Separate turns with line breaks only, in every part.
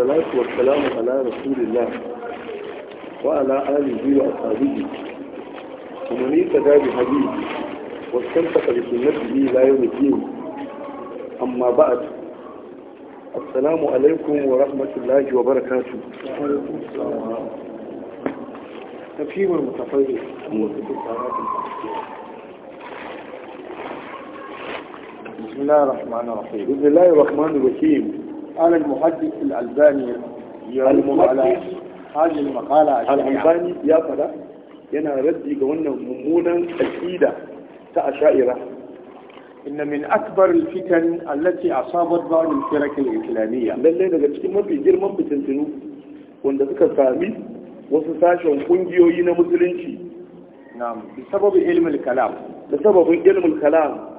والصلاة والسلام على رسول الله وعلى آله وأصحابه ومن اهتدى بهديه واستمسك بسنته لا يوم الدين أما بعد السلام عليكم ورحمة الله وبركاته تفهيم المتفرد بسم الله الرحمن الرحيم بسم الله الرحمن الرحيم قال المحدث الألباني يقول على هذه المقالة الألباني يا فلا ينا ردي قولنا ممونا أكيدا تأشائرة إن من أكبر الفتن التي أصابت بعض الفرق الإسلامية لله daga cikin mafi girman fitintinu wanda suka sami wasu sashen kungiyoyi na musulunci na'am bi sababi ilmul kalam da sababin ilmul kalam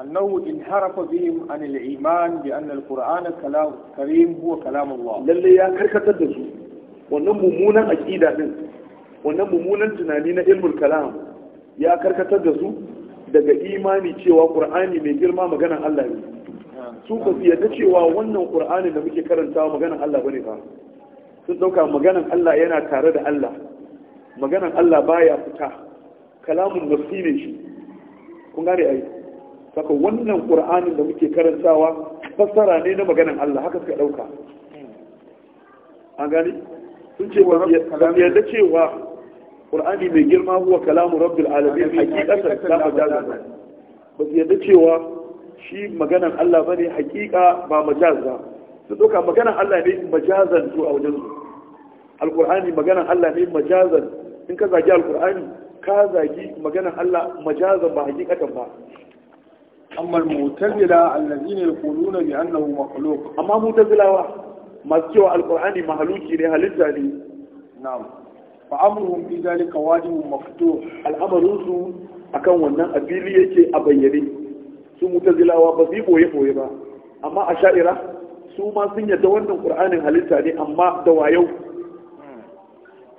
أنه انحرف بهم عن الإيمان بأن القرآن كلام كريم هو كلام الله للي يا كركة تدسو wannan mummunan aƙida ɗin wannan mummunan tunani na ilmin kalam ya karkatar da su daga imani cewa ƙur'ani mai girma magana Allah ne su ba su cewa wannan ƙur'ani da muke karantawa maganan Allah bane ba sun ɗauka maganan Allah yana tare da Allah maganan Allah baya fita kalamun nafsi ne shi kun gane saka wannan qur'anin da muke karantawa fassara ne na maganan Allah haka suka ɗauka. an gani sun ce ba yadda cewa ƙur'ani mai girma huwa kalamu rabbil alamin hakikatan la majaza ba ba su yadda cewa shi maganan Allah bane hakika ba majaza su doka maganan Allah ne majazan su a wajen su Alƙur'ani maganan Allah ne majazan in ka zagi Alƙur'ani? ka zagi maganan Allah majazan ba hakikatan ba amma mu'tazila allazina yaquluna bi annahu makhluq amma mu'tazilawa masu cewa alqur'ani mahaluki ne halitta ne na'am fa amruhum bi zalika wajibun maftuh al'amarin akan wannan abili yake a bayyane su mu'tazilawa ba su boye boye ba amma a sha'ira su ma sun yarda wannan qur'anin halitta ne amma da wayau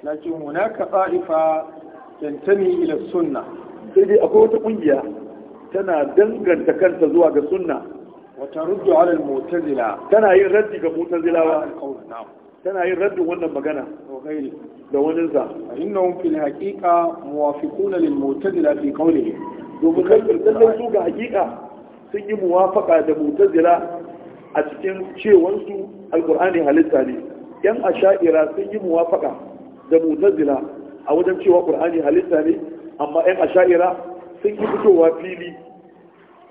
lakin sunna sai akwai wata ƙungiya. tana danganta kanta zuwa ga sunna tana yin raddi ga mu'tazilawa tana yin raddin wannan magana da wani za innahum fil haqiqa muwafiquna lil mu'tazila fi qawlihi domin kallon su ga haƙiƙa sun yi muwafaƙa da mu'tazila a cikin cewansu Alƙur'ani halitta ne yan asha'ira sun yi muwafaƙa da mutazila a wajen cewa ƙur'ani halitta ne amma yan asha'ira sun yi fitowa fili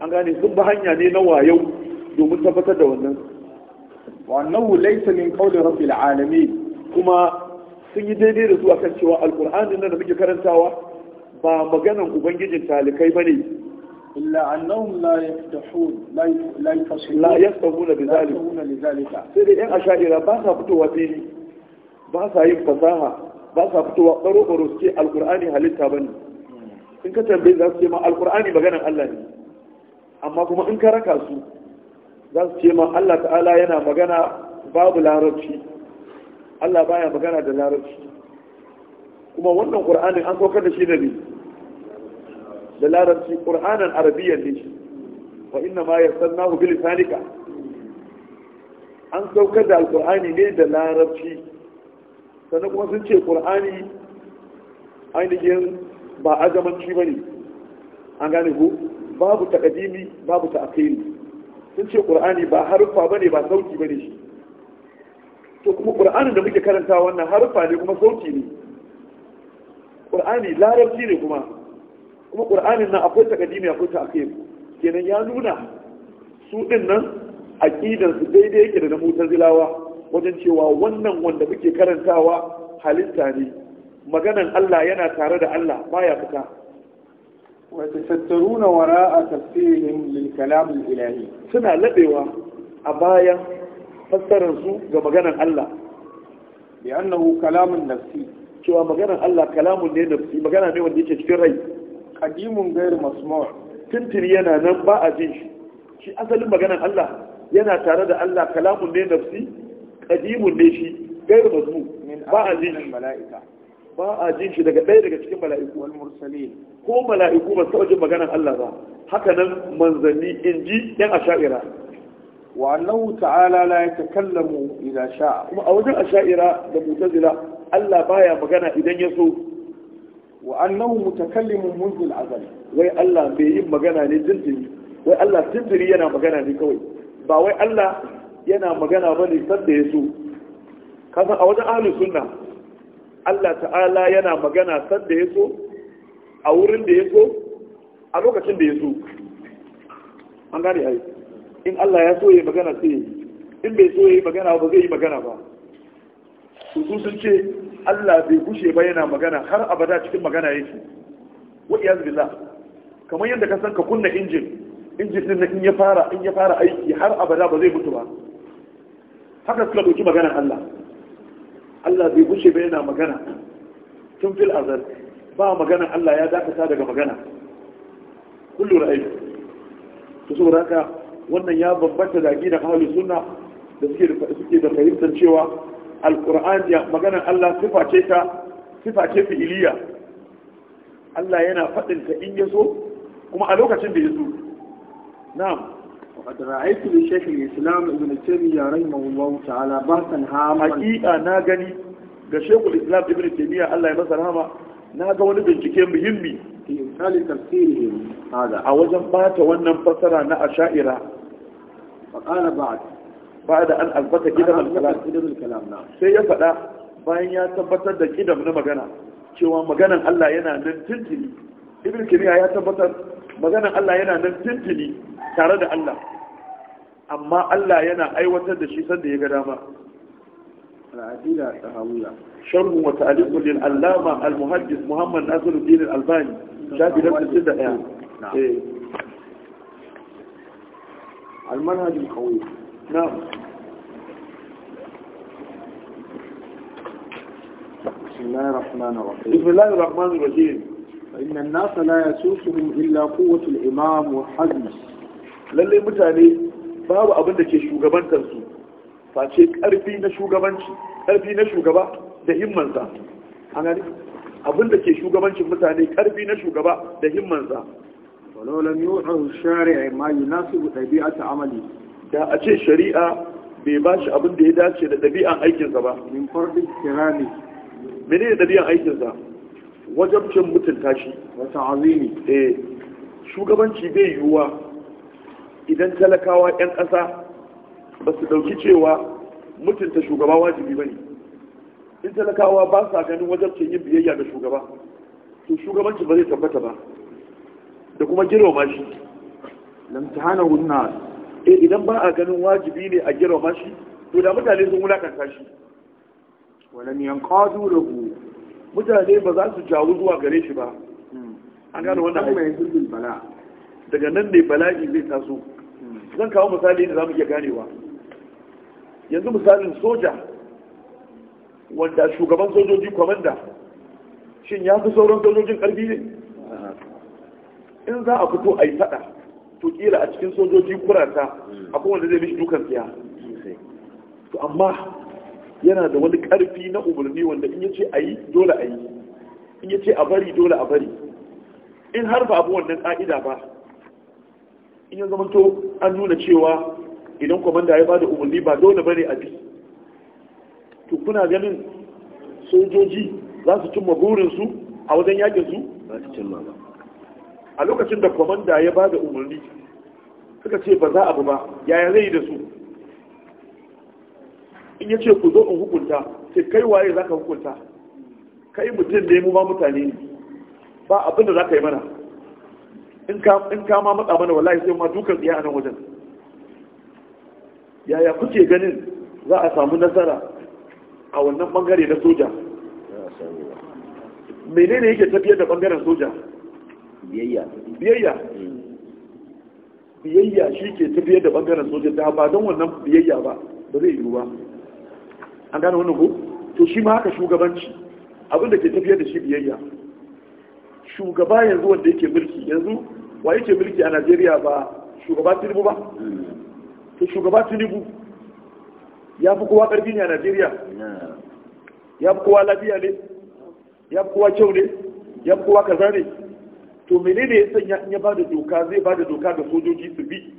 an gane sun ba hanya ne na wayau domin tabbatar da wannan wannan laysa min qawli rabbil alamin kuma sun yi daidai da su akan cewa alqur'anin nan da muke karantawa ba maganan ubangijin talikai bane illa annahum la yaftahun la yafsahun la yaftahun bi zalika sai dai yan asha'ira ba sa fitowa fili ba sa yin fasaha ba sa fitowa baro baro suke alqur'ani halitta bane in ka tambaye za su ce ma alkur'ani maganar Allah ne amma kuma in ka raka su za su ce ma Allah ta'ala yana magana babu larabci Allah baya magana da larabci kuma wannan qur'anin an saukar da shi da ne da larabci qur'anan arabiyyan ne shi wa inna ma yassannahu bil lisanika an saukar da alkur'ani ne da larabci sannan kuma sun ce qur'ani ainihin ba azamanci ba ne an gane ku babu ta kadimi, babu ta ta'akiri sun ce ƙur'ani ba haruffa ba ne ba sauki ba ne shi to kuma ƙur'ani da muke karanta wannan haruffa ne kuma sauki ne ƙur'ani larabci ne kuma kuma ƙur'anin nan akwai ta ƙadimi akwai ta ta'akiri kenan ya nuna su ɗin nan aƙidansu daidai yake da na mutazilawa wajen cewa wannan wanda muke karantawa halitta ne maganan Allah yana tare da Allah baya fita wa tattaruna wara'a tafsirihim lil kalam al ilahi suna labewa a bayan fassarar su ga maganan Allah bi annahu kalamun nafsi cewa maganan Allah kalamun ne nafsi magana ne wanda yake cikin rai qadimun ghayr masmu' tintiri yana nan ba a jin shi shi asalin maganan Allah yana tare da Allah kalamun ne nafsi qadimun ne shi ghayr masmu' ba a jin shi ba a jin shi daga ɗaya daga cikin mala'iku wal mursalin ko mala'iku ba taɓa jin maganar Allah ba haka nan manzanni in ji ɗan asha'ira wa annahu ta'ala la yatakallamu idza sha'a kuma a wajen a sha'ira da mu'tazila Allah baya magana idan ya so wa annahu mutakallimun munzil azali wai Allah bai yin magana ne jinjiri wai Allah jinjiri yana magana ne kawai ba wai Allah yana magana bane sanda ya so kasan a wajen ahlus sunna Allah ta'ala yana magana san da ya so a wurin da ya so a lokacin da ya so an gane ai in Allah ya so ya magana sai in bai so ya magana ba zai yi magana ba su sun ce Allah bai gushe ba yana magana har abada cikin magana yake wa iyaz billah kamar yadda ka san ka kunna injin injin din in ya fara in ya fara aiki har abada ba zai mutu ba haka suka dauki maganar Allah Allah bai gushe ba yana magana tun fil azal ba magana Allah ya dakata daga magana kullu ra'ayi to saboda wannan ya bambanta da aqida ahlus sunna da suke da suke da fahimtar cewa alquran ya magana Allah sifa ce ta sifa ce fi'iliya Allah yana faɗinka ta in yaso kuma a lokacin da yaso na'am وقد رأيت لشيخ الإسلام ابن تيمية رحمه الله تعالى بحثا هاما حقيقة ناغني ga shekul islam ibn taymiya Allah ya masa rahama na ga wani bincike muhimmi fi misali tafsiri hada a wajen bata wannan fasara na asha'ira fa qala ba'd ba'd an albata kidam al sai ya faɗa bayan ya tabbatar da kidam na magana cewa maganan Allah yana nan tuntuni ibn ya tabbatar maganan Allah yana nan tuntuni tare da Allah amma Allah yana aiwatar da shi sanda ya ga dama al'adila tahawiyya sharhu wa ta'liqu lil allama al muhaddis muhammad nasiruddin al albani shafi da 61 eh al manhaj al qawi na'am بسم الله الرحمن الرحيم بسم الله الرحمن الرحيم فإن الناس لا يسوسهم إلا قوة الإمام وحزمه للي متاني باب أبدا كي شوغبان تنسو فأشي كأرفي نشوغبان كأرفي نشوغبا ده همم ذا أنا أبدا كي شوغبان متاني كأرفي نشوغبا ده همم ذا ولو لم يوحه الشارع ما يناسب طبيعة عمله da a ce shari'a bai ba shi abin da ya dace da ɗabi'an aikinsa ba. Min farɗin kirani. Mene ne ɗabi'an aikinsa? wajabcin mutunta shi wata azimi eh shugabanci bai yiwuwa idan talakawa 'yan ƙasa ba su ɗauki cewa mutunta shugaba wajibi ba ne in talakawa ba sa ganin wajabcin yin biyayya ga shugaba to shugabanci ba zai tabbata ba da kuma girma shi lamtahana wunna eh idan ba a ganin wajibi ne a girma shi to da mutane sun wulakanta shi walam yanqadu lahu mutane ba za su jawo zuwa gare shi ba hmm. an gano wannan haifin daga nan ne bala'i zai taso hmm. zan kawo misali da za mu iya ganewa yanzu misalin soja wanda shugaban sojoji kwamanda shin ya fi sauran sojojin karfi ne hmm. in za a fito a yi fada to kila a cikin sojoji kurata akwai wanda zai mishi dukan siya to amma yana da wani karfi na umarni wanda in yace ayi dole ayi in yace a bari dole a bari in har ba abu wannan ka'ida ba in ya zama to an nuna cewa idan kwamanda ya bada umarni ba dole bane a bi to kuna ganin sojoji za su cimma burinsu a wajen yakin su ba su cimma ba a lokacin da kwamanda ya bada umarni suka ce ba za a ba yaya zai yi da su in ya ce ku zo in hukunta sai kai waye za ka hukunta kai mutum ne mu ba mutane ne ba abin da za ka yi mana in ka ma matsa mana wallahi sai ma dukan tsiya a nan wajen yaya kuke ganin za a samu nasara a wannan bangare na soja menene yake tafiyar da bangaren soja biyayya biyayya biyayya shi ke tafiyar da bangaren soja da ba don wannan biyayya ba ba zai yiwu ba an gane wannan ko to shi ma haka shugabanci abin da ke tafiyar da shi biyayya shugaba yanzu wanda yake mulki yanzu wa yake mulki a Najeriya ba shugaba Tinubu ba to shugaba Tinubu ya fi kowa karfi ne a Najeriya ya fi kowa lafiya ne ya fi kowa kyau ne ya fi kowa kaza ne to menene ya sanya in ya ba da doka zai ba da doka ga sojoji su bi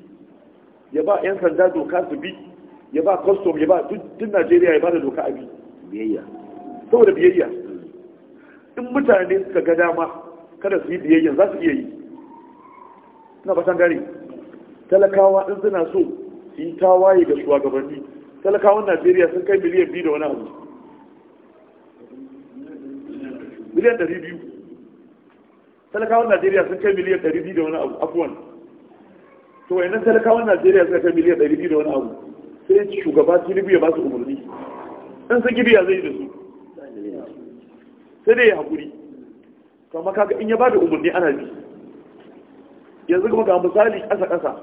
ya ba 'yan sanda doka su bi ya ba custom ya ba duk najeriya ya ba da doka abi biyayya saboda biyayya in mutane suka ga dama kada su yi biyayya za su iya yi na fatan gari talakawa in suna so su yi tawaye ga shugabanni talakawan najeriya sun kai miliyan biyu da wani abu miliyan ɗari biyu talakawan najeriya sun kai miliyan ɗari biyu da wani abu afuwan to wayannan talakawan najeriya sun kai miliyan ɗari biyu da wani abu sai shugaba tinubu ya ba su umarni Ɗan sun gibiya zai da su sai dai ya haƙuri kama kaga in ya ba da umarni ana bi yanzu kuma ga misali ƙasa-ƙasa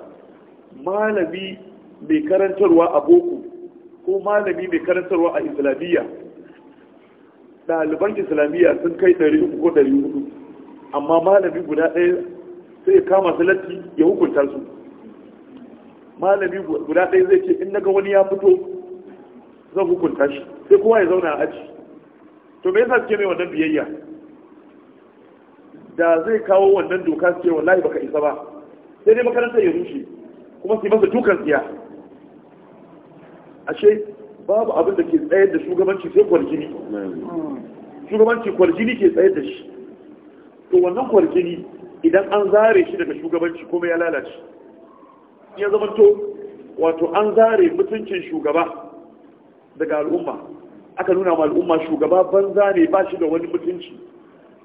malami mai karantarwa a boko ko malami mai karantarwa a islamiyya ɗaliban islamiyya sun kai 300 ko amma malami guda ɗaya sai ya kama su ya hukunta su malami guda ɗaya zai ce in naga wani ya fito zan hukunta shi sai kowa ya zauna a aji to me yasa suke mai wannan biyayya da zai kawo wannan doka su ce wallahi baka isa ba sai dai makarantar ya rushe kuma su yi masa dukan tsiya ashe babu abin da ke tsayar da shugabanci sai kwarjini shugabanci kwarjini ke tsayar da shi to wannan kwarjini idan an zare shi daga shugabanci kuma ya lalace ya zamanto wato an zare mutuncin shugaba daga al'umma aka nuna ma al'umma shugaba banza ne ba shi da wani mutunci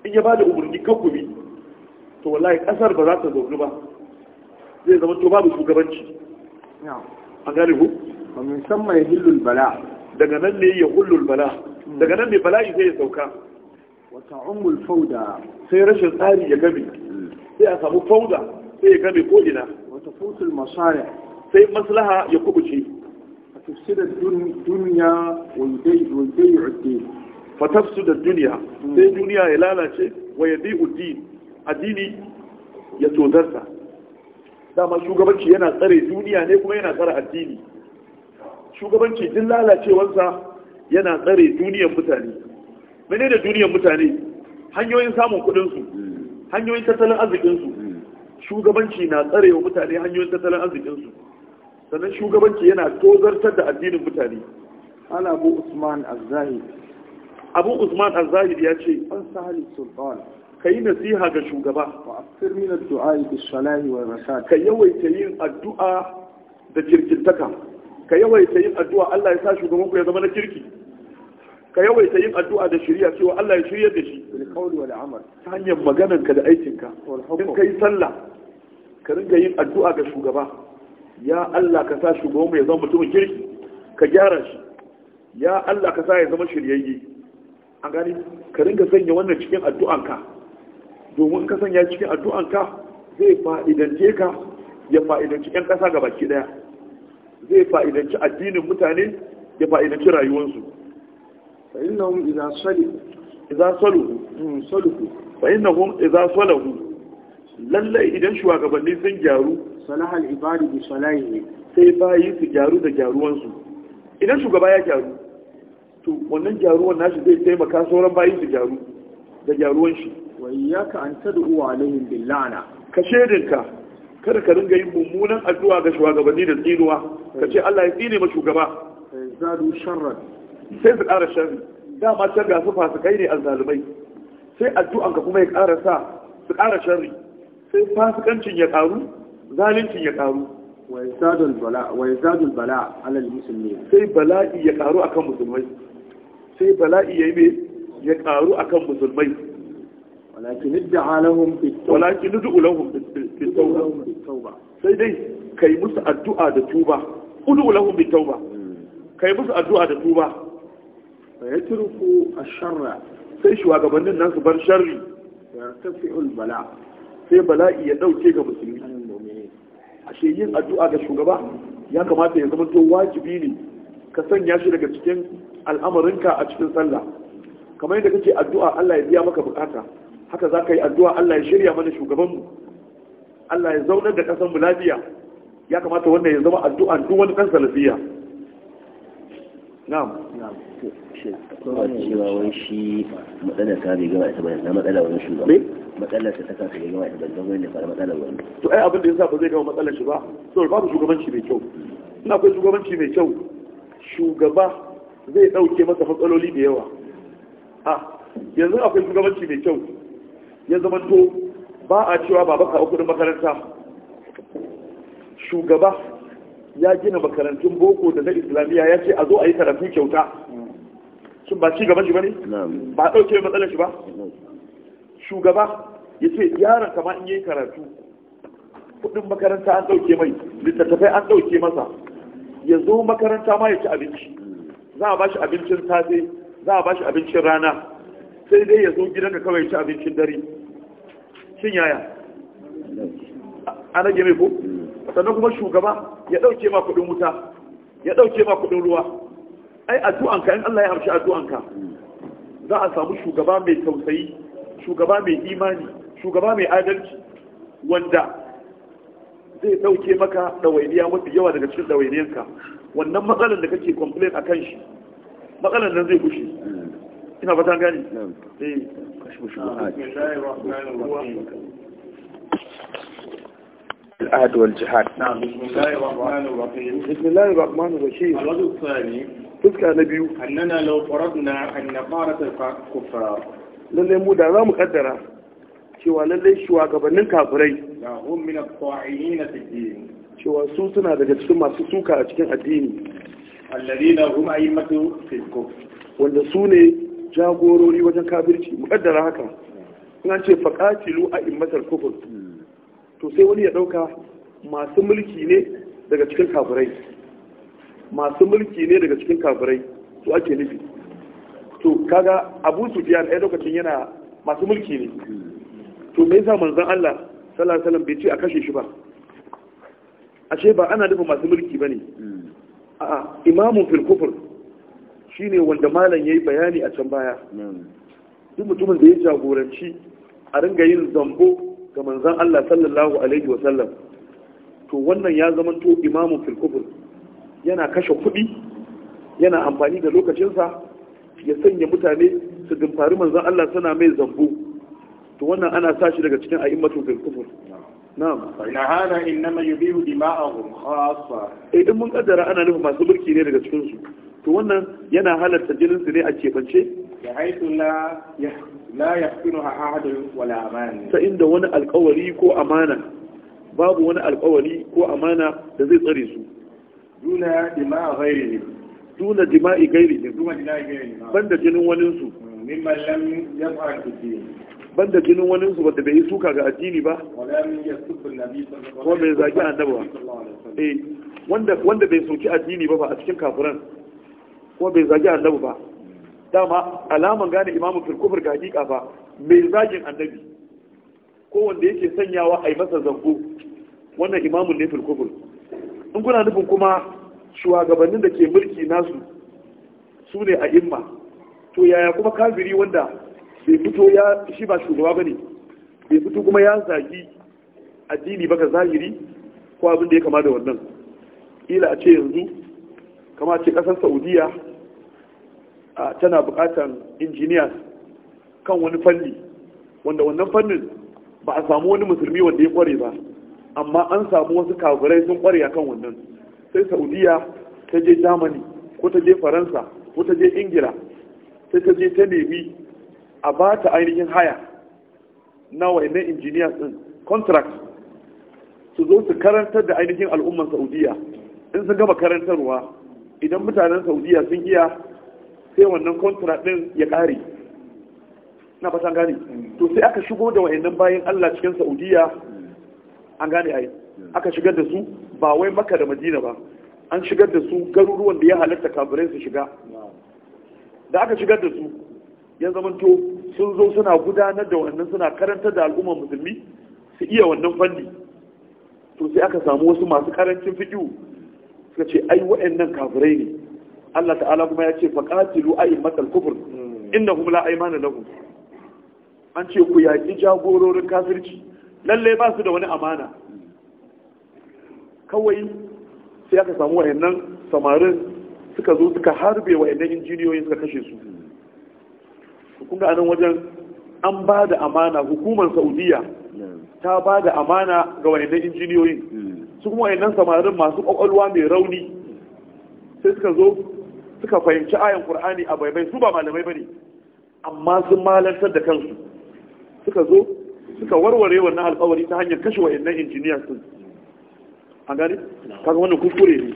in ya ba da umarni kakumi to wallahi kasar ba za ta zaune ba zai zama to babu shugabanci A gane ku musamman hillul bala daga nan ne ya hullul bala hmm. daga nan ne bala'i zai ya sauka wata umul fauda sai rashin tsari ya gami. Hmm. sai a samu fauda sai ya gami ko fatafutul masaya sai maslaha ya kubuce فتفسد الدنيا ويضيع الدين فتفسد الدنيا سي دنيا يلالا شيء ويضيع الدين ya يتوزرسا dama shugabanci yana tsare duniya ne kuma yana tsare addini shugabanci din lalacewarsa yana tsare duniyar mutane mene da duniyar mutane hanyoyin samun kudinsu mm. hanyoyin tattalin arzikinsu shugabanci na tsarewa mutane hanyoyin tattalin arzikinsu sannan shugabanci yana tozartar da addinin mutane ana abu usman azahid abu usman azahid ya ce an sahali sultan ka yi nasiha ga shugaba wa asir min addu'a bi salahi wa rashad ka yawaita yin addu'a da kirkintaka ka yawaita yin addu'a Allah ya sa shugaban ku ya zama na kirki ka yawaita yin addu'a da shirya cewa Allah ya shirya da shi bil qawli wal amal ta hanyar maganarka da aikinka in kai sallah ka ringa yin addu'a ga shugaba ya Allah ka sa shugaban mu ya zama mutumin kirki ka gyara shi ya Allah ka sa ya zama shiryayye an gani ka ringa sanya wannan cikin addu'anka domin ka sanya cikin addu'anka zai fa'idance ka ya fa'idanci 'yan ƙasa ga baki ɗaya zai fa'idanci addinin mutane ya fa'idanci rayuwarsu fa'innahum idza salu idza salu hmm, salu fa'innahum idza salu lallai idan shugabanni sun gyaru salahal ibadu bi salahihi sai bayi su gyaru da gyaruwansu idan shugaba ya gyaru to wannan gyaruwan nashi zai taimaka sauran bayi su gyaru da gyaruwan shi wa iyyaka an tad'u alaihim bil la'na ka shedinka kada ka ringa yin mummunan addu'a ga shugabanni da tsinuwa ka ce Allah ya tsine ma shugaba zadu sharran sai su ƙara sharri dama ta ga su fasikai ne azzalumai sai addu'an ka kuma ya ƙara sa su ƙara sharri sai fasikancin ya karu zalincin ya karu wa yazadul bala alal musulmi sai bala'i ya karu akan musulmai sai bala'i yayi me ya karu akan musulmai walakin idda'a lahum fi walakin ud'u lahum fi tawba sai dai kai musu addu'a da tuba ud'u lahum bi tawba hmm. kai musu addu'a da tuba fa yatruku ash sai shugabannin nan su bar sharri yartafi'ul bala' sai bala'i ya dauke ga musulmi shi yin addu'a ga shugaba ya kamata ya zama to wajibi ne ka sanya shi daga cikin al'amarinka a cikin sallah kamar yadda kake addu'a Allah ya biya maka bukata haka za ka yi addu'a Allah ya shirya mana shugabanmu Allah ya zaunar da ƙasar mu lafiya ya kamata wannan ya zama addu'a duk wani ɗan salafiya na'am cewa wai shi matsalar ta bai gama ita ba na matsalar wani matsalar ta ta gama ita fara matsalar wani to ai abin da yasa ba zai gama matsalar shi ba to babu shugabanci mai kyau akwai shugabanci mai kyau shugaba zai dauke masa matsaloli da yawa a yanzu akwai shugabanci mai kyau ya zama to ba a cewa baba ka makaranta shugaba ya gina makarantun boko da na islamiyya ya ce a zo a yi karatu kyauta shin ba ci gaba shi ba ne ba ɗauke matsalar shi ba shugaba ya ce yaron kama in yi karatu kudin makaranta an ɗauke mai littattafai an ɗauke masa ya zo makaranta ma ya ci abinci za a ba shi abincin safe za a ba shi abincin rana sai dai ya zo ka kawai ya ci abincin dare shin yaya an rage mai ko hmm. sannan kuma shugaba ya ɗauke ma kuɗin wuta ya ɗauke ma kuɗin ruwa ai addu'anka in Allah ya amshi addu'anka za a samu shugaba mai tausayi shugaba mai imani shugaba mai adalci wanda zai ɗauke maka ɗawainiya mafi yawa daga cikin ɗawainiyanka wannan matsalar da kake complain a kan shi matsalar nan zai kushe ina fata gani eh العهد والجهاد نعم بسم الله الرحمن الرحيم بسم الله الرحمن الثاني تذكى نبي أننا لو فرضنا أن قارة الكفار للي مودا لا مقدرة cewa lallai shugabannin kafirai lahum min at-ta'inin fi din cewa su suna daga cikin masu suka a cikin addini alladina hum a'immatu wanda su ne jagorori wajen kafirci muqaddara haka in an ce a a'immatal kufr to sai wani ya ɗauka masu mulki ne daga cikin kafirai masu mulki ne daga cikin kafirai to ake nufi to kaga abu sufiyan ɗaya lokacin yana masu mulki ne to me yasa manzon Allah sallallahu alaihi wasallam bai ce a kashe shi ba ashe ba ana nufin masu mulki bane a'a imamu fil kufr shine wanda malam yayi bayani a can baya duk mutumin da ya jagoranci a ringa yin zambo ga manzan Allah sallallahu alaihi wa sallam to wannan ya zamanto imamun fil kufr yana kashe kuɗi yana amfani da lokacinsa ya sanya mutane su dimfari manzan Allah suna mai zambo to wannan ana sa shi daga cikin a'immatul fil kufr na'am fa hada innama yubihu dima'ahum khassa eh, idan mun kaddara ana nufin masu birki ne daga cikinsu. to wannan yana halarta jinin ne a kebance ya haitu la la yaqtinuha ahadun wala amana ta inda wani alƙawari ko amana babu wani alƙawari ko amana da zai tsare su duna dima'a ghairihi duna dima'i ghairihi duna ghairihi banda jinin wani su mimman lam kiti banda jinin wani su wanda bai yi suka ga addini ba ko bai zagi annabi ba eh wanda wanda bai soki addini ba ba a cikin kafiran ko bai zagi annabi ba dama alaman gane imamu kufur ga hakika fa mai zagin annabi ko wanda yake sanyawa a yi masa zango wannan imamu ne kufur in kuna nufin kuma shugabannin da ke mulki nasu su ne a imma to yaya kuma kafiri wanda bai fito ya shi ba shugaba bane bai fito kuma ya zagi addini baka zahiri ko abin da ya kama da wannan Ila a ce yanzu kama ce kasar saudiya tana bukatar injiniyas kan wani fanni wanda wannan fannin ba a samu wani musulmi wanda ya kware ba amma an samu wasu kafirai sun kware a kan wannan sai saudiya ta je germany ko ta je faransa ko ta je ingila sai ta je ta nemi a ba ta ainihin haya na wainan injiniyas din contract su zo su karantar da ainihin al'umman saudiya in sun gama karantarwa idan mutanen saudiya sun iya sai wannan kontra ɗin ya ƙare na fatan gane to sai aka shigo da wa'annan bayan Allah cikin Saudiya an gane ai aka shigar da su ba wai maka da Madina ba an shigar da su garuruwan da ya halatta kafirai su shiga da aka shigar da su ya zamanto sun zo suna gudanar da wannan suna karantar da al'ummar musulmi su iya wannan fanni to sai aka samu wasu masu karancin fiƙi suka ce ai wa'annan kafirai ne Allah ta'ala kuma ya ce faqatilu aymatal Inda hmm. innahum la aymana lahum an ce ku yaki jagororin kafirci lalle ba su da wani amana kawai sai aka samu wayannan samarin suka zo suka harbe wayannan injiniyoyin suka kashe su kun ga anan wajen an ba da amana hukumar saudiya hmm. ta ba da amana ga wayannan injiniyoyin hmm. su kuma wayannan samarin masu kwakwalwa mai rauni sai suka zo suka fahimci ayan qur'ani a baibai su ba malamai bane amma sun malantar da kansu suka zo suka warware wannan alƙawari ta hanyar kashe wayannan injiniya sun a gani kaga wannan kuskure ne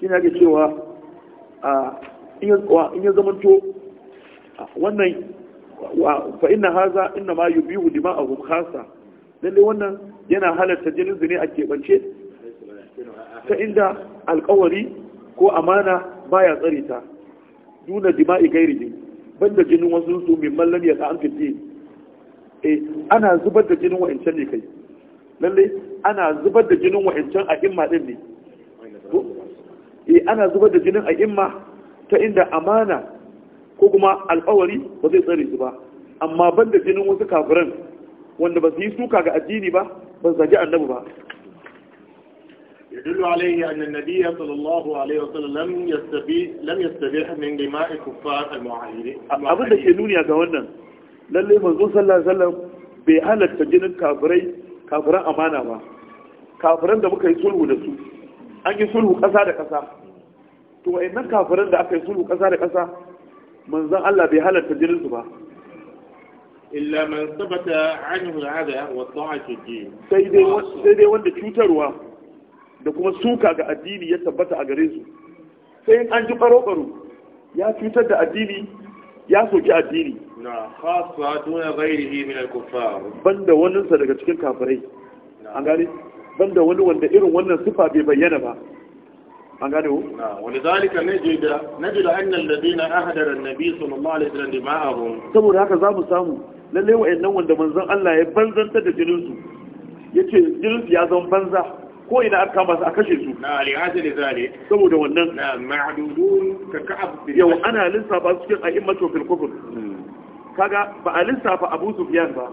shi ne cewa a in ya zamanto wannan fa inna haza inna ma yubihu dima'ahu khasa lalle wannan yana halarta jinin zine a keɓance ta inda alƙawari ko amana baya tsare ta duna dima'i gairi banda jinin wasu su mai mallam ya ta amfi din eh ana zubar da jinin wa'ancan ne kai lalle ana zubar da jinin wa'ancan a imma din ne eh ana zubar da jinin a imma ta inda amana ko kuma alƙawari ba zai tsare su ba amma banda jinin wasu kafiran wanda ba su yi suka ga addini ba ba su zagi annabi ba يدل عليه أن النبي صلى الله عليه وسلم لم يستبيح لم يستبيح من دماء الكفار المعاهدين abin da ke nuni ga wannan lalle manzo sallallahu alaihi bai halatta jinin kafirai kafiran amana ba kafiran da muka yi sulhu da an yi sulhu kasa da kasa to wayannan kafiran da aka yi sulhu kasa da kasa manzon Allah bai halatta jinin su ba illa man sabata anhu al'ada wa sai dai wanda cutarwa da kuma suka ga addini ya tabbata a gare su sai an ji baro-baro ya cutar da addini ya soki addini na khasa duna ghairihi min al-kuffar banda wannan sa daga cikin kafirai an gane banda wani wanda irin wannan sifa bai bayyana ba an gane ko na wani zalika najida na, anna alladhina ahadara an-nabi sallallahu alaihi wasallam ma'ahum saboda haka zamu samu lalle wa'annan wanda manzon Allah ya banzanta da jinin su yace jinin ya zama banza ko ina an kama su a kashe su na alihajin zane saboda wannan na ma'adudun ka ka'ab yau ana lissafa su cikin a'immatu fil kufr hmm. kaga ba a lissafa Abu Sufyan ba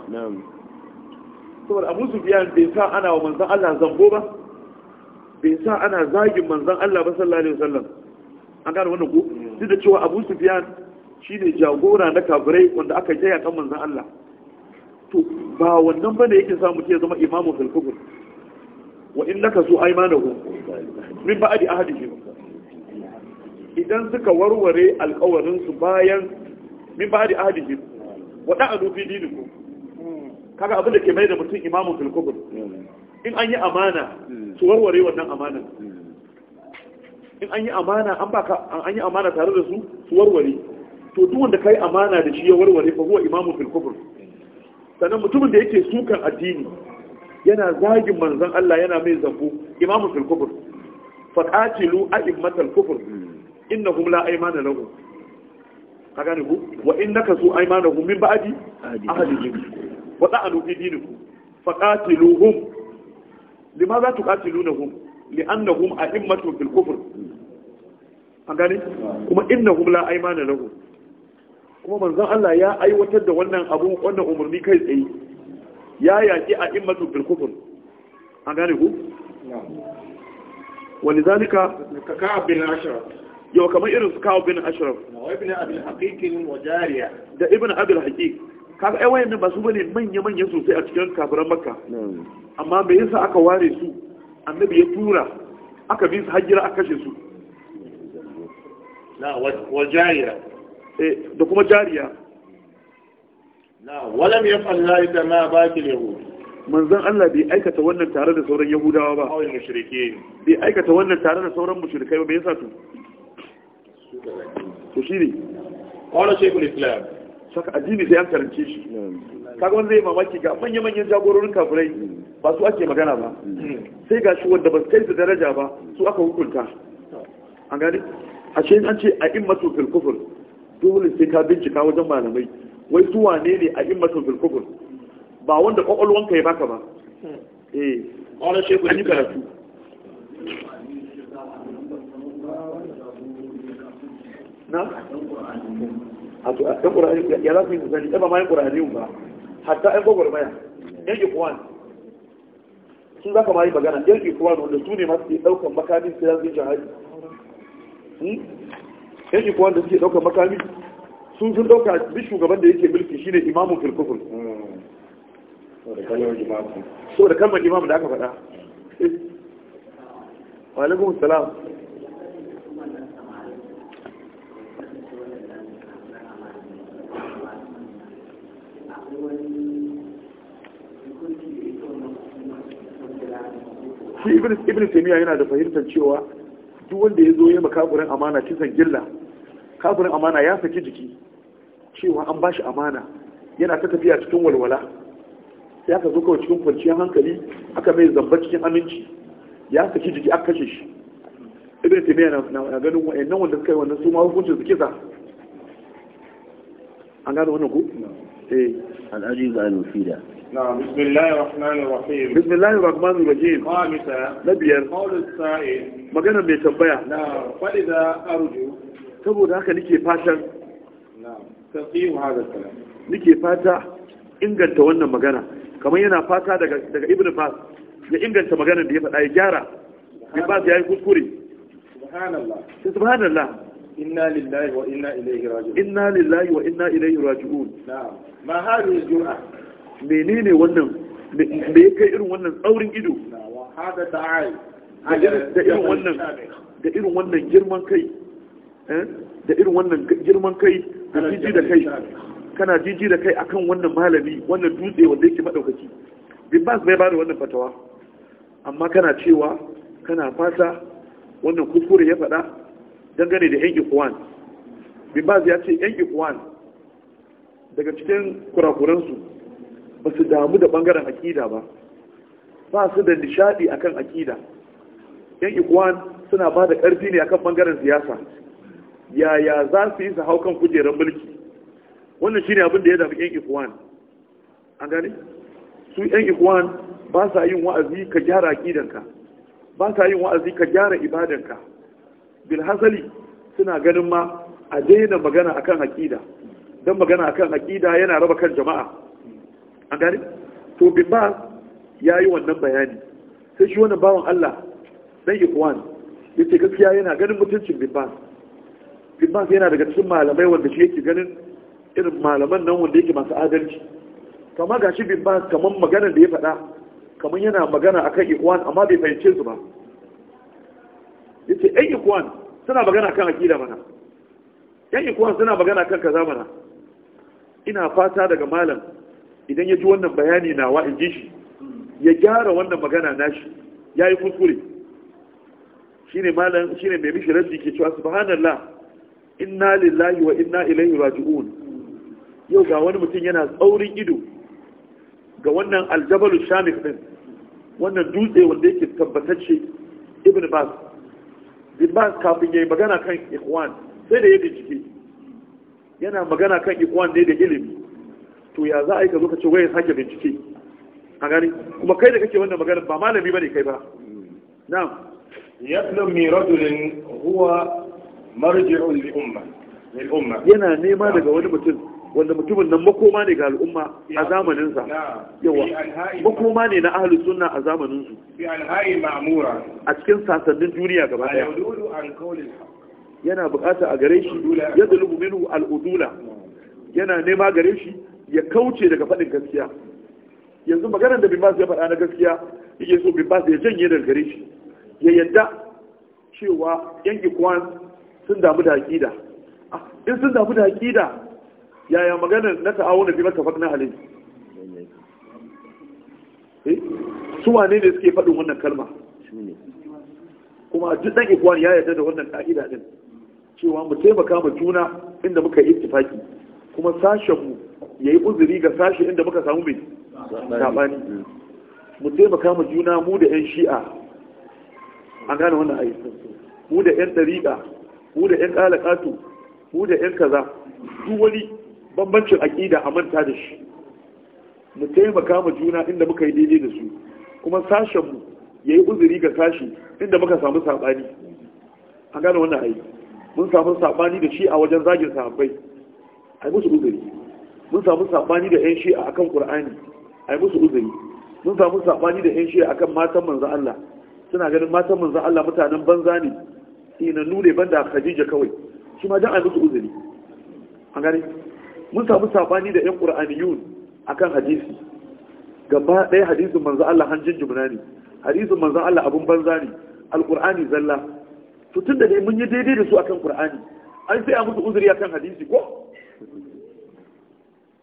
saboda Abu Sufyan bai sa ana wa manzon Allah zango ba bai sa ana zagin manzon Allah ba sallallahu alaihi wasallam an gane wannan ko hmm. duk da cewa Abu Sufyan shine jagora na kafirai wanda aka jaya kan manzon Allah to ba wannan bane yake samu mutum ya zama imamu fil kufr wa in naka su aimanahu min ba'di ahadihim idan suka warware alƙawarin su bayan min ba'di ahadihim wa da'anu fi dinikum kaga abin da ke mai da mutum imamu fil kubur in an yi amana su warware wannan amana in an yi amana an baka an yi amana tare da su su warware to duk wanda kai amana da shi ya warware fa huwa imamu fil kubur sannan mutumin da yake sukan addini yana zagin Manzan Allah yana mai zabo imamu fil kufr a qatilu a'immatal inna innahum la aymana lahum ka gane ku wa innaka su aymanahum min ba'di ahadihim wa ta'alu fi dinikum fa lima za tuqatilunahum li'annahum a'immatu fil kufr an gani? kuma innahum la aymana lahum kuma Manzan Allah ya aiwatar da wannan abu wannan umarni kai tsaye ya yaƙi a immatu bilkufur a gane ku wani zalika ka kawo bin ashirar. yau kamar irin su kawo bin ashirar da ibin abin haƙi kaga ai wayannan ba su bane manya-manya sosai a cikin kafiran makka amma me yasa aka ware su annabi ya tura aka bi su hajjira a kashe su na wajariya eh, da kuma jariya ولم يفعل ذلك ما اليهود Allah bai aikata wannan tare da sauran yahudawa ba bai aikata wannan tare da sauran mushrikai ba bai yasa to sai an kaga wanda zai mamaki ga manya-manyan jagororin kafirai ba su ake magana ba sai ga shi wanda ba su kai su daraja ba su aka hukunta an gani a ce an ce a in masu filkufur dole sai ka bincika wajen malamai wai su wane ne a immatul fil kufur ba wanda kwakwalwanka ya baka ba eh wani shekul an yi karatu na? a to a ɗan ƙura'ani ya za su yi misali ɗaba ma yin ƙura'ani ba hatta ɗan ƙwaƙwar maya ɗan ikuwan sun za ka ma yi magana ɗan ikuwan wanda su ne masu ɗaukan makamin sai za su yi jihadi ɗan hmm? ikuwan da ke ɗaukan makamin sun sun dauka duk shugaban da yake mulki shine imamu fil kufr so da kalmar Imamu da aka faɗa wa alaikum salam shi ibn taimiyya yana da fahimtar cewa duk wanda ya zo ya makaburin amana kisan gilla kafirin amana ya saki jiki cewa an bashi amana yana ta tafiya cikin walwala ya ka zo kawai cikin kwanciyar hankali aka mai zamba cikin aminci ya saki jiki aka kashe shi ibn taymiya na ganin wayannan wanda suka yi wannan su ma hukuncin su kisa an gano wannan ku eh al-ajiz al-mufida نعم بسم الله الرحمن الرحيم بسم الله الرحمن الرحيم خامسة نبيا قول السائل مجانا بيتبايا نعم فإذا أرجو saboda haka nike fatan nike fata inganta wannan magana kamar yana fata daga ibn bas ya inganta maganar da ya faɗa ya gyara ibn bas ya yi kuskure subhanallah inna lillahi wa inna ilaihi raji'un inna lillahi wa inna ilaihi raji'un ma hadhihi menene wannan me ya kai irin wannan tsaurin ido da da irin wannan girman kai Eh? da irin wannan girman kai da jiji da kai kana jiji da kai akan wannan malami wannan dutse wanda yake madaukaki bin bas bai bada wannan fatawa amma kana cewa kana fata wannan kuskure ya faɗa dangane da yan ikwan bin ya ce yan ikwan daga cikin kurakuransu ba su damu da bangaren akida ba ba su da nishadi akan akida yan ikwan suna ba da ƙarfi ne akan bangaren siyasa yaya za su yi su haukan kujerar mulki wannan ne abin da ya zafi yan ikuwan an gane su yan ikuwan ba sa yin wa'azi ka gyara akidanka ba sa yin wa'azi ka gyara ibadanka bilhassali suna ganin ma a daina magana akan aqida dan magana akan aqida yana raba kan jama'a an gane to bin ba yi wannan bayani sai shi wannan bawan Allah dan ikwan yace gaskiya yana ganin mutuncin bin ba ibn yana daga cikin malamai wanda shi yake ganin irin malaman nan wanda yake masu adalci kama ga shi bin kamar magana da ya faɗa kamar yana magana akan ikwan amma bai fahimce su ba yace ɗan ikwan suna magana kan akida mana ‘yan ikwan suna magana kan kaza mana ina fata daga malam idan ya ji wannan bayani nawa in ji shi ya gyara wannan magana nashi ya yi kuskure shine malam shine mai mishi rabbi ke cewa subhanallah inna lillahi wa inna ilaihi raji'un yau ga wani mutum yana tsaurin ido ga wannan aljabalu shamik din wannan dutse wanda yake tabbatacce ibn bas ibn bas kafin yayi magana kan ikhwan sai da ya bincike yana magana kan ikhwan ne da ilimi to ya za a yi ka zo ka ce waye sake bincike a gani kuma kai da kake wannan magana ba malami bane kai ba na'am yatlu mi rajulin huwa yana nema daga wani mutum wanda mutumin nan makoma ne ga al'umma a zamanin sa yawa makoma ne na ahlus sunna a zamanin su a cikin sasannin duniya gaba daya yana bukata a gare shi ya zulubu minhu al'udula yana nema gare shi ya kauce daga faɗin gaskiya yanzu maganar da bimbas ya faɗa na gaskiya yake so bimbas ya janye daga gare shi ya yadda cewa yanki kwan sun damu da aƙida ah, in sun damu da aƙida yaya magana na na fi mata faɗin halin eh, su wane ne suke faɗin wannan kalma kuma duk ke ikuwan ya yarda da wannan ƙa'ida ɗin cewa mu taimaka mu juna inda muka yi ittifaki kuma sashenmu ya yi uzuri ga sashen inda muka samu mai saɓani mu taimaka mu juna mu da 'yan shi'a an gane wannan aiki. mu da 'yan ɗariƙa ku da yan ƙalakatu, ku da yan kaza duk wani bambancin aƙida a manta da shi mu taimaka ma juna inda muka yi daidai da su kuma sashen mu yi uzuri ga sashi inda muka samu saɓani. A gane wannan ayi mun samu saɓani da shi a wajen zagin sahabbai yi musu uzuri mun samu saɓani da yan shi'a akan qur'ani yi musu uzuri mun samu saɓani da yan shi'a akan matan manzo Allah suna ganin matan manzo Allah mutanen banza ne tsinannu ban da khadija kawai shi ma dan a mutu uzuri an gani mun samu sabani da yan qur'aniyun akan hadisi gaba ɗaya hadisin manzo Allah hanjin jumna ne hadisin manzo Allah abun banza ne alqur'ani zalla to tunda dai mun yi daidai da su akan qur'ani an sai a musu uzuri akan hadisi ko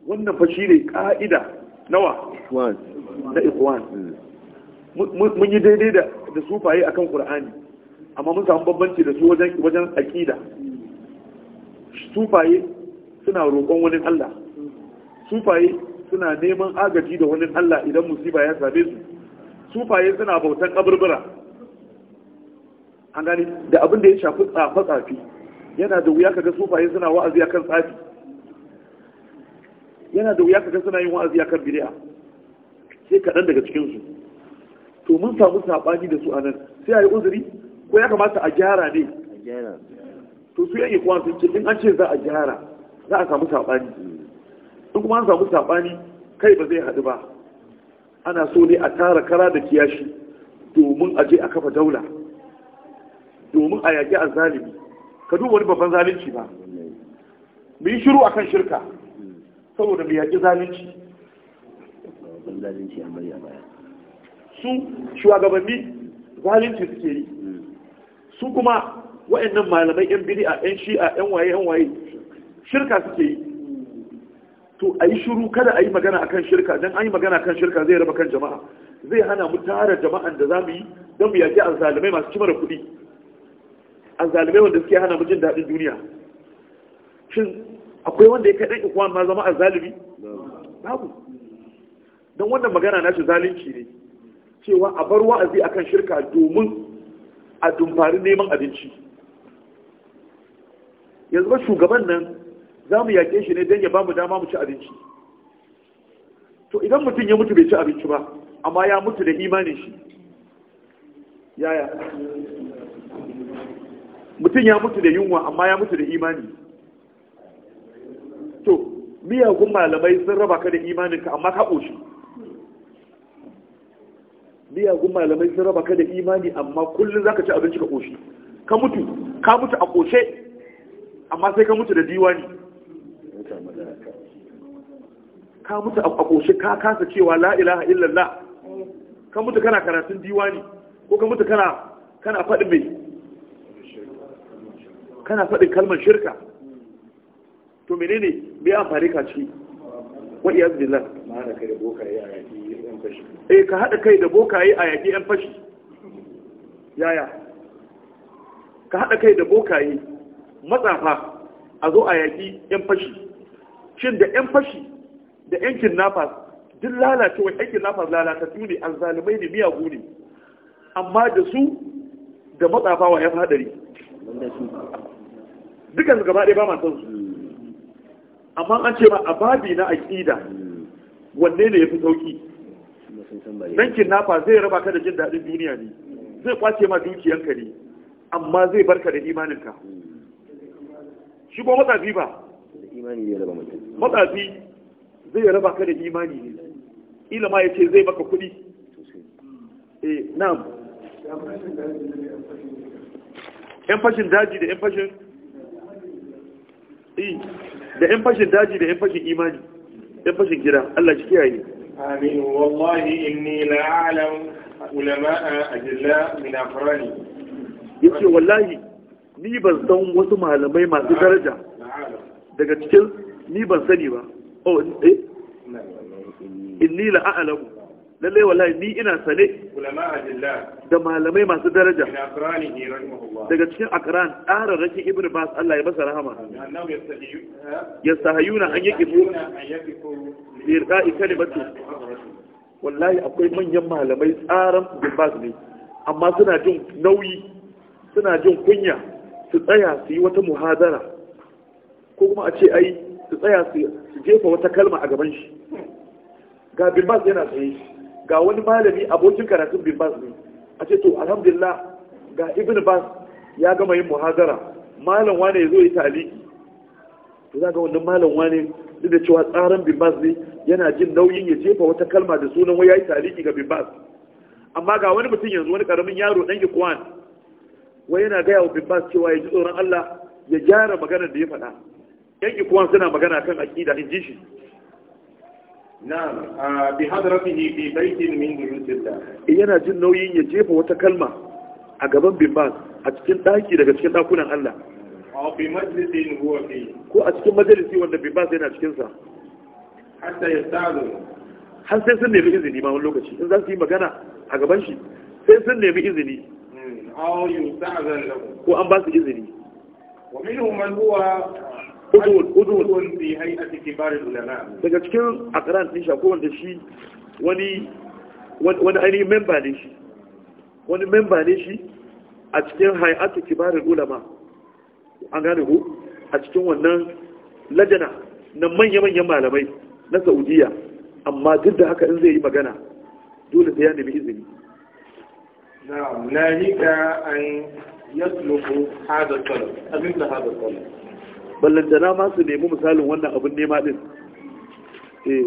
wannan fa shi ne ka'ida nawa na ikhwan mun yi daidai da sufaye akan qur'ani amma mun samu bambanci da su wajen aƙida sufaye suna roƙon wani Allah sufaye suna neman agaji da wani Allah idan musiba ya same su sufaye suna bautan kaburbura an gani da abin da ya shafi tsafa tsafi yana da wuya kaga sufaye suna wa'azi akan tsafi yana da wuya kaga suna yin wa'azi akan bid'a sai kaɗan daga cikin su to mun samu saɓani da su anan sai a yi uzuri ko ya kamata a gyara ne to su yake kuma sun ce in an ce za a gyara za a samu saɓani in kuma an samu saɓani kai ba zai haɗu ba ana so ne a tara kara da kiyashi domin a je a kafa daula domin a yaƙi zalimi ka duba wani babban zalunci ba mu yi shiru akan shirka saboda mu yaƙi zalunci su shugabanni zalunci suke yi su kuma waɗannan malamai yan a yan a yan waye yan waye shirka suke yi to a yi shiru kada a yi magana a kan shirka don an yi magana kan shirka zai raba kan jama'a zai hana mu tara jama'an da za mu yi don mu yaƙi azzalumai masu cimar kuɗi azzalumai wanda suke hana mu jin daɗin duniya shin akwai wanda ya kaɗan ikwan ma zama azzalumi babu don wannan magana na shi zalunci ne cewa a bar wa'azi akan shirka domin a dumfari neman abinci yanzu ba shugaban nan za mu yaƙe shi ne don ya ba mu dama mu ci abinci to idan mutum ya mutu bai ci abinci ba amma ya mutu da imanin shi yaya mutum ya mutu da yunwa amma ya mutu da imani to miyagun malamai sun raba ka da imaninka amma ka ƙoshi miyagun malamai sun raba ka da imani amma kullum zaka ci abinci ka koshi ka mutu ka mutu a koshe amma sai ka mutu da diwani ka mutu a koshe ka kasa cewa la ilaha illallah ka mutu kana karatun diwani ko ka mutu kana kana faɗin mai kana faɗin kalmar shirka to menene bai amfani ka ci wa iyaz billah da kai eh ka haɗa kai da bokaye a yaƙi 'yan fashi yaya ka haɗa kai da bokaye matsafa a zo a yaƙi 'yan fashi shin da 'yan fashi da 'yan kidnappers duk lalacewa 'yan kidnappers lalatattu ne an zalimai ne miyagu ne amma da su da matsafa wa 'yan haɗari dukan su gaba ɗaya ba masu amma an ce ba, a babi na aƙida wanne ne ya fi sauƙi bankin nafa zai raba ka da jin daɗin duniya ne zai kwace ma dukiyanka ne amma zai barka da imaninka shi ko matsafi ba matsafi zai raba ka da imani ne ila ma ya ce zai maka kuɗi eh na'am yan fashin daji da yan fashin eh, da yan fashin daji da yan fashin imani yan fashin gida Allah shi kiyaye آمين والله إني لا أعلم علماء أجلاء من أفراني يقول والله ni ban san wasu malamai masu daraja daga cikin ni ban sani ba oh eh inni la a'lamu lalle wallahi ni ina sane da malamai masu daraja daga cikin akran tsara rakin ibn bas Allah ya masa rahama yastahayuna an yakifu lirqa'i mace wallahi akwai manyan malamai tsaran bimbas ne amma suna jin nauyi suna jin kunya su tsaya su yi wata muhazara ko kuma a ce ai su tsaya su jefa wata kalma a gaban shi ga bimbas yana tsaye ga wani malami abokin karatun bimbas ne a ce to alhamdulillah ga ibn bas ya gama yin muhazara malam wane ya zo yi taliki to za ga wannan malam wani duk da cewa tsarin bimbas ne yana jin nauyin ya jefa wata kalma da sunan wai yi tariki ga bimbas amma ga wani mutum yanzu wani karamin yaro dan ikwan wai yana gaya wa bimbas cewa ya ji tsoron Allah ya gyara magana da ya faɗa yan ikwan suna magana kan aƙida, in ji shi na'am bi hadratihi fi baitin min buyutillah eh, yana jin nauyin ya jefa wata kalma a gaban bimbas a cikin daki daga cikin dakunan Allah aw fi majlisin huwa fi ko a cikin majalisi wanda bai ba sai na cikin sa hatta tsaro har sai sun nemi izini ma wani lokaci in za su yi magana a gaban shi sai sun nemi izini ko an ba su izini wa minhum man huwa udwun fi hay'ati kibar ulama daga cikin akran din shi ko wanda shi wani wani ainihin memba ne shi wani memba ne shi a cikin hay'atu kibar ulama an gane ku a cikin wannan lajana na manya-manyan malamai na saudiya amma duk da haka in zai yi magana dole sai ya nemi izini Na na'ika an yasluku hada salat abin da hada salat ballantana ma su nemi misalin wannan abin nema din eh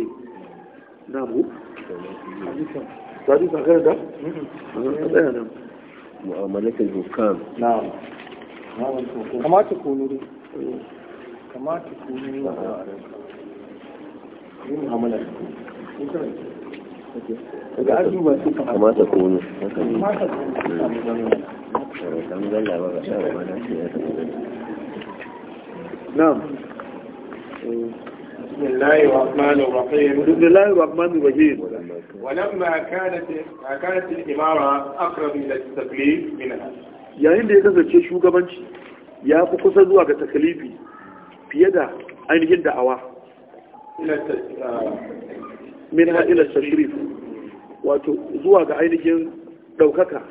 na mu sadi sakar da mm-hmm. a tsaya nan mu'amalatul hukam na'am كما تكونوا كما تكونوا daga abubuwa su ka kamata ko ne نعم بسم الله الرحمن الرحيم بسم الله الرحمن الرحيم ولما كانت كانت الإمارة أقرب إلى التكليف منها yayin da ya kasance shugabanci ya fi kusa zuwa ga takalifi fiye da ainihin da'awa ah, min ha'ilar tashirif wato zuwa ga ainihin ɗaukaka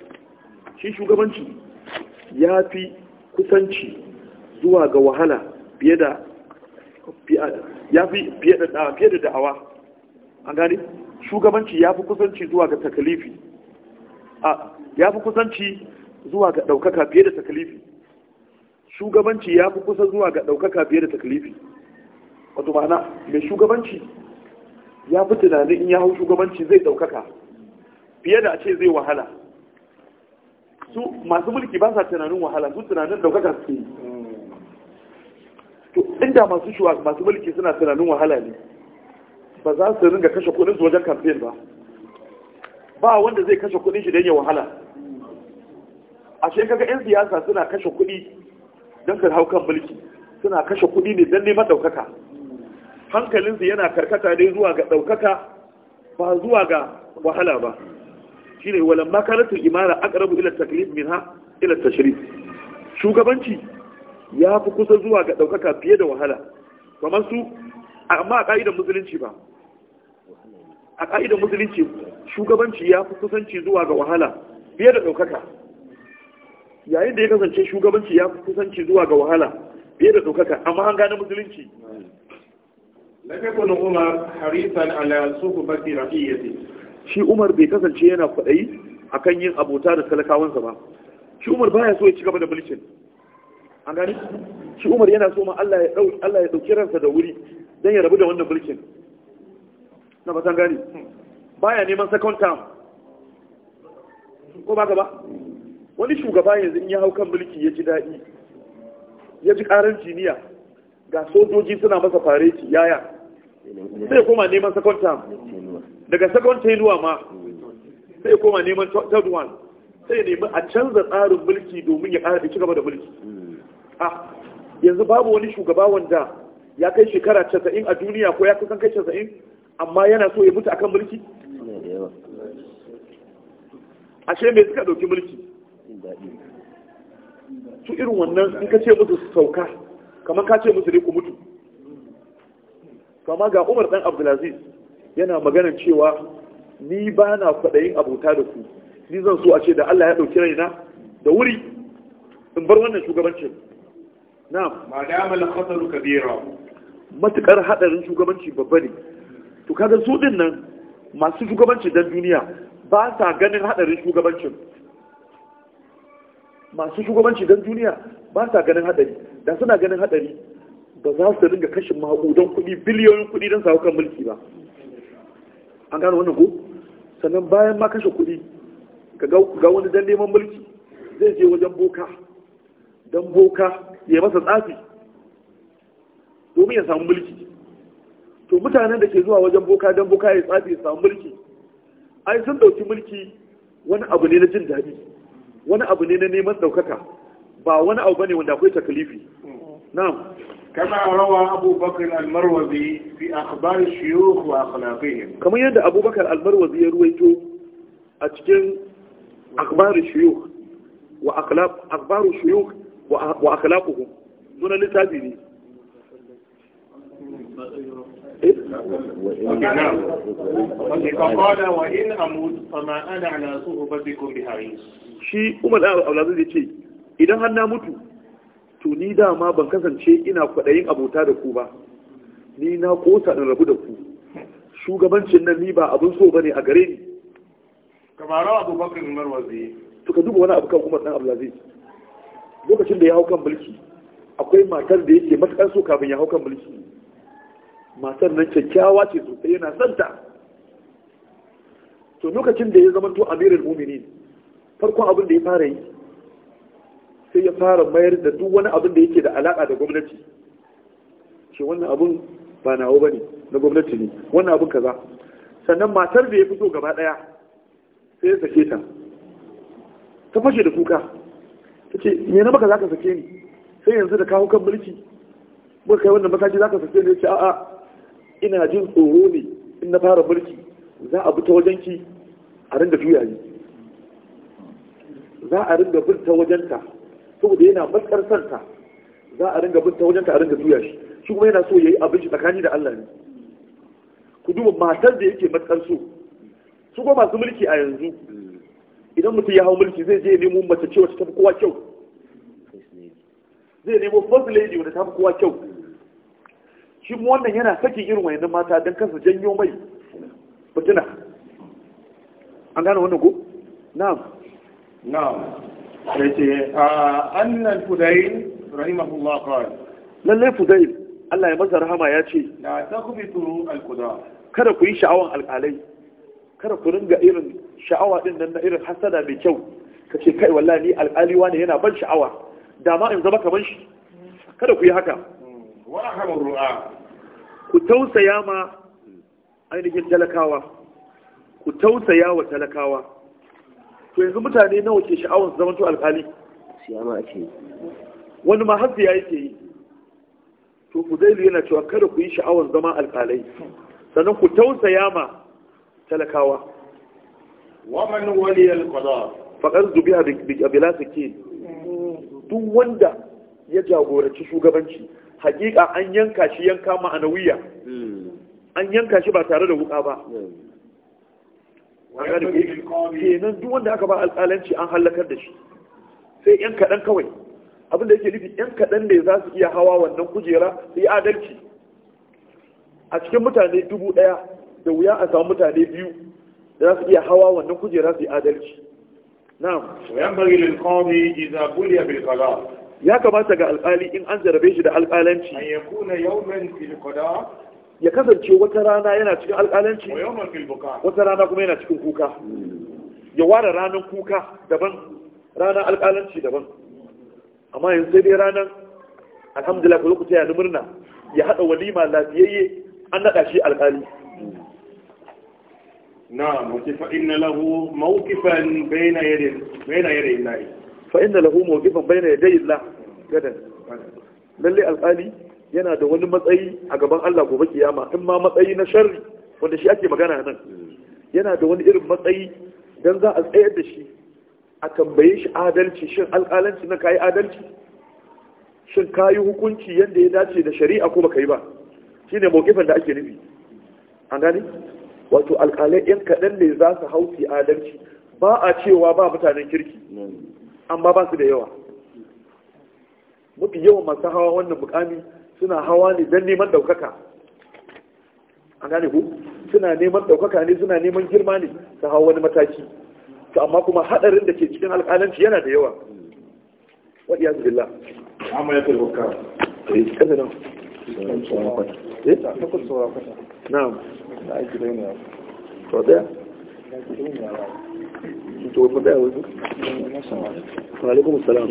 shi shugabanci ya fi kusanci zuwa ga wahala fiye da ya fi fiye da ah, da'awa an gani shugabanci ya fi kusanci zuwa ga takalifi ah, ya fi kusanci zuwa ga ɗaukaka fiye da takalifi shugabanci ya fi kusa zuwa ga ɗaukaka fiye da takalifi wato ma'ana mai shugabanci ya fi tunanin in ya hau shugabanci zai ɗaukaka fiye da a ce zai wahala su masu mulki ba sa tunanin wahala su tunanin ɗaukaka suke yi to inda masu shuwa masu mulki suna tunanin wahala ne ba za su ringa kashe kuɗin su wajen kamfen ba ba wanda zai kashe kuɗin shi don ya wahala shi kaga yan siyasa suna kashe kuɗi don su hau kan mulki suna kashe kuɗi ne don neman daukaka hankalinsu yana karkata ne zuwa ga ɗaukaka ba zuwa ga wahala ba Shi ne walan makaratul imara aqrabu ila taklif ha ila tashrif shugabanci ya fi kusa zuwa ga ɗaukaka fiye da wahala kamar su amma a ka'idar musulunci ba a ka'idar musulunci shugabanci ya fi kusanci zuwa ga wahala fiye da ɗaukaka yayin da ya kasance shugabanci ya kusanci zuwa ga wahala fiye da ɗaukaka amma an gane musulunci shi umar bai kasance yana a kan yin abota da talakawansa ba shi umar baya so ya ci gaba da mulkin an gani shi umar yana so ma Allah ya ɗauki ransa da wuri don ya rabu da wannan mulkin na fatan gani baya neman second term ko ba ka ba wani shugaba yanzu in ya hau kan mulki ya ji daɗi ya ji ƙarar jiniya ga sojoji suna masa fareti yaya sai koma neman second term daga second tenuwa ma sai koma neman third one sai nemi a canza tsarin mulki domin ya ƙara da ci gaba da mulki a ah, yanzu babu wani shugaba wanda ya kai shekara casa'in a duniya ko ya kusan kai casa'in amma yana so ya mutu akan mulki ashe me suka ɗauki mulki jin daɗi su irin wannan in ka ce musu sauka kamar ka ce musu ne ku mutu kama ga umar dan abdulaziz yana magana cewa ni ba na faɗayin abota da ku ni zan so a ce da allah ya ɗauki raina da wuri in bar wannan shugabancin na khataru kabira matukar hadarin shugabanci babba ne to kaga su din nan masu shugabanci dan duniya ba sa ganin haɗarin shugabancin masu shugabanci don duniya ba sa ganin hadari da suna ganin hadari ba za su dinga kashin don kuɗi biliyoyin kuɗi don samu mulki ba an gano wannan ko sannan bayan ma kashe kuɗi ga wani dan neman mulki zai je wajen boka don boka ya masa tsafi domin ya samu mulki to mutanen da ke zuwa wajen boka don boka ya tsafi ya samu mulki ai sun dauki mulki wani abu ne na jin daɗi wani abu ne na neman ɗaukaka ba wani abu bane wanda akwai takalifi na'am kama rawa abubakar almarwazi fi akhbar shuyukh wa akhlaqihim kamar yadda abubakar almarwazi ya ruwaito a cikin akhbar shuyukh wa akhlaq akhbar shuyukh wa akhlaquhum sunan littafi ne فقال وإن أموت فما أنا على صحبتكم بحريص شي to ni dama ban kasance ina kwaɗayin abota da ku ba ni na kosa in rabu da ku shugabancin nan ni ba abin so bane a gare ni kamarawa abubakar marwazi to ka duba wani abu kan umar dan abdulaziz lokacin da ya hau kan mulki akwai matar da yake matakar so kafin ya hau kan mulki matar nan kyakkyawa ce sosai yana santa to lokacin da ya zamanto amirul muminin farkon abin da ya fara yi sai ya fara mayar da duk wani abin da yake da alaka da gwamnati ce wannan abin ba nawo bane na gwamnati ne wannan abin kaza sannan matar da ya fito gaba daya sai ya sake ta ta fashe da kuka ta ce me na za zaka sake ni sai yanzu da kawo kan mulki ba kai wannan mataki zaka sake ni ya ce a'a ina jin tsoro ne in na fara mulki za a bi ta ki, a rinda juya yi. za a ringa bin ta ta, saboda yana matsar santa za a ringa bin ta ta a rinda juya shi shi kuma yana so ya yi abin shi tsakani da Allah ne ku duba matar da yake matsar so su kuma masu mulki a yanzu idan mutum ya hau mulki zai je nemo mace ce wacce ta fi kowa kyau zai nemo first lady wadda ta fi kowa kyau shi mu wannan yana sakin irin wayannan mata don kansu janyo mai fitina an gane wannan ko na'am na'am sai ce annal fudail rahimahullah kawai lalle fudail Allah ya masa rahama ya ce Na ku bi turu alkuda kada ku yi sha'awan alƙalai kada ku ringa irin sha'awa din nan na irin hasada mai kyau ka ce kai wallahi ni alƙali wani yana ban sha'awa da ma in zama ban shi kada ku yi haka ku tausaya ma ainihin talakawa ku tausaya wa talakawa to yanzu mutane nawa ke sha'awar zamantu to alkali siyama ake wani ma har ya yake yi to ku zai yana cewa kada ku yi sha'awar zama alkalai sannan ku tausaya ma talakawa waman waliyal qada faƙar zubi a bilasa ke duk wanda ya jagoranci shugabanci hakika an yanka shi yanka ma'anawiya hmm. an yanka shi ba tare da wuka ba hmm. kenan duk wanda aka ba alƙalanci an hallakar da shi sai yan kaɗan kawai abin da yake nufi yan kaɗan ne za su iya hawa wannan kujera su yi adalci a cikin mutane dubu ɗaya da wuya a samu mutane biyu da za su iya hawa wannan kujera su yi adalci na'am wayan bari lil qadi idza buliya bil qada ya kamata ga alƙali in an zarabe shi da alƙalanci ya kasance wata rana yana cikin alƙalanci wata rana kuma yana cikin kuka ya ware ranar kuka daban ranar alƙalanci daban amma yanzu sai dai ranar alhamdulillah ku lokuta ya murna ya haɗa walima lafiyayye an naɗa shi alƙali na mutu fa'in na lahu mawukifan bayyana yare layi fa inna lahu mawqifan bayna yaday Allah gadan lalle alƙali yana da wani matsayi a gaban Allah gobe kiyama in ma matsayi na sharri wanda shi ake magana nan yana da wani irin matsayi dan za a tsayar da shi a tambaye shi adalci shin alƙalanci na kayi adalci shin kayi hukunci yadda ya dace da shari'a ko baka yi ba shine mawqifan da ake nufi an gane wato alƙalai yan kaɗan ne za su hauti adalci ba a cewa ba mutanen kirki amma ba su da yawa mafi yawan masu hawa wannan mukami suna hawa ne don neman ɗaukaka a gane ku suna neman ɗaukaka ne suna neman girma ne su hawa wani mataki to amma kuma haɗarin da ke cikin alƙalanci yana da yawa waɗi yanzu billah amma ya fi bukka eh, eh, na'am da aiki da yana to alaikum salam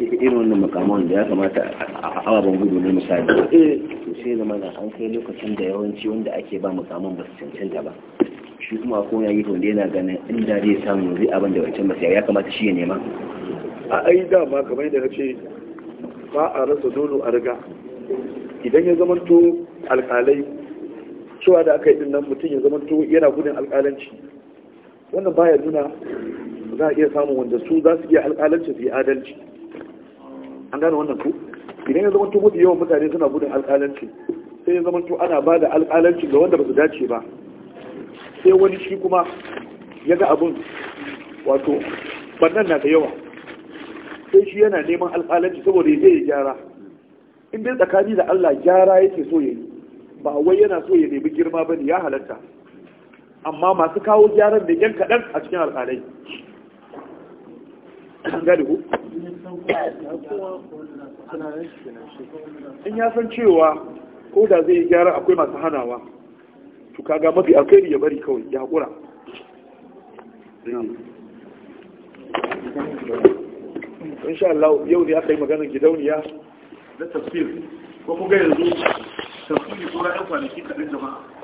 irin wannan makaman da ya kamata a ababen gudu ne misali eh. to sai zama na an kai lokacin da yawanci wanda ake ba makaman ba su cancanta ba shi kuma ko ya yi wanda yana ganin inda zai samu zai abin da wancan ba ya kamata shi ya nema a ai dama kamar yadda na ce ba a rasa nono a riga idan ya zamanto alkalai cewa da aka yi din nan mutum ya zamanto yana gudun alkalanci wannan baya nuna za a iya samun wanda su za su iya alƙalanci su yi adalci an gane wannan ku idan ya zama to mafi yawan mutane suna gudun alƙalanci sai ya zama to ana ba da alƙalanci ga wanda ba su dace ba sai wani shi kuma ya ga abin wato bannan na da yawa sai shi yana neman alƙalanci saboda ya zai gyara in dai tsakani da Allah gyara yake so ya yi ba wai yana so ya nemi girma ba ne ya halatta amma masu kawo gyaran da yan kaɗan a cikin alƙalai in ya san cewa ko da zai yi gyara akwai masu hanawa to kaga mafi alkhairi ya bari kawai ya haƙura sha Allah yau da aka yi maganar gidauniya na tafsir ko kuma yanzu tafsiri ko ra'ayin kwanaki kaɗan jama'a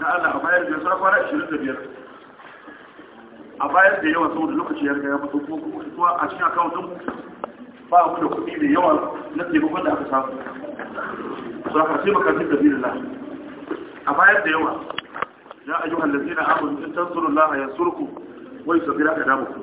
na Allah a bayar da sa kwana biyar? a bayar da yawa saboda lokaci ya riga ya fito ko kuma a cikin account ba mu da kuɗi mai yawa na taimakon da aka samu za ka sai makasir da na a bayar da yawa ya ayyuhal ladina amanu in su gira ka damu ku